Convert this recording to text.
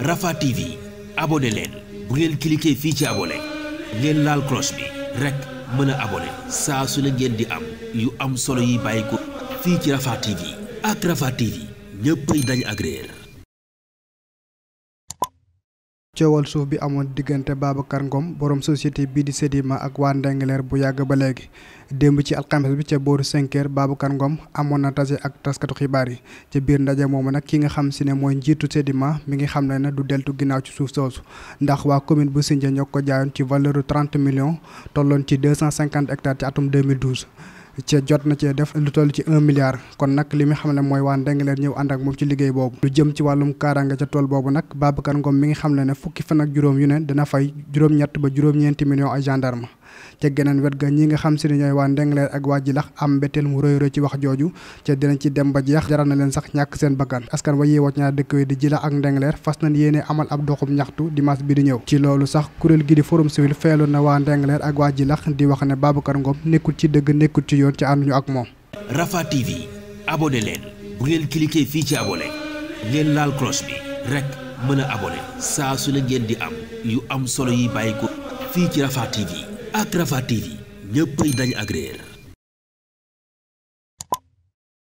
Rafah TV abonné leen bu ngeen cliquer fii ci abonné ngeen laal cloche bi rekk mën a abonné saa su ne ngeen di am yu am solo yi bàyyi ko fii ci Rafah TV ak Rafah TV ñëppay dañ agréer coowal suuf bi amoon diggante Babacar Ngom boroom société bii di Sedima ak waa Ndengler bu yàgg ba léegi démb ci alxames bi ca booru 5 heures Babacar Ngom amoon na tase ak taskatu xibaar yi ca biir ndaje moomu nag ki nga xam si ne mooy njiitu Sedima mi ngi xam ne na du deltu ginnaaw ci suuf soosu ndax waa commune bu Sindia ñoo ko jaayoon ci valeur 30 million tolloon ci 250 hectares ci atum 2012. ca jot na cee def lu toll ci un milliard kon nag li mi xam ne mooy waa Ndingler ñëw ànd ak moom ci liggéey boobu lu jëm ci wàllum kaaraange ca tool boobu nag Babacar Ngom mi ngi xam ne ne fukki fan ak juróom yu ne dina fay juróom-ñett ba juróom-ñeenti millions ay gendarme ca geneen wet ga ñi nga xam si ne ñooy waa Ndengler ak waa Jilax am mbetteel mu rëy rëy ci wax jooju ca dinañ ci dem ba jeex jaral na leen sax ñàkk seen bakkan askan wa yeewoo ñaar dëkk yi di Jilax ak Ndengler fas nañ yéene amal ab doxum ñaxtu dimanche bi di ñëw ci loolu sax kuréel gi di forum civil feelu na waa Ndengler ak waa Jilax di wax ne Babacar Ngom nekkul ci dëgg nekkul ci yoon ci ñu ak moom Rafah TV abonné leen bu ngeen fii ci abonné ngeen laal cloche rek mën a abonné su ne ngeen di am yu am solo yi bàyyi fii ci Rafah TV ak Rafah TV ñëppay dañ agréer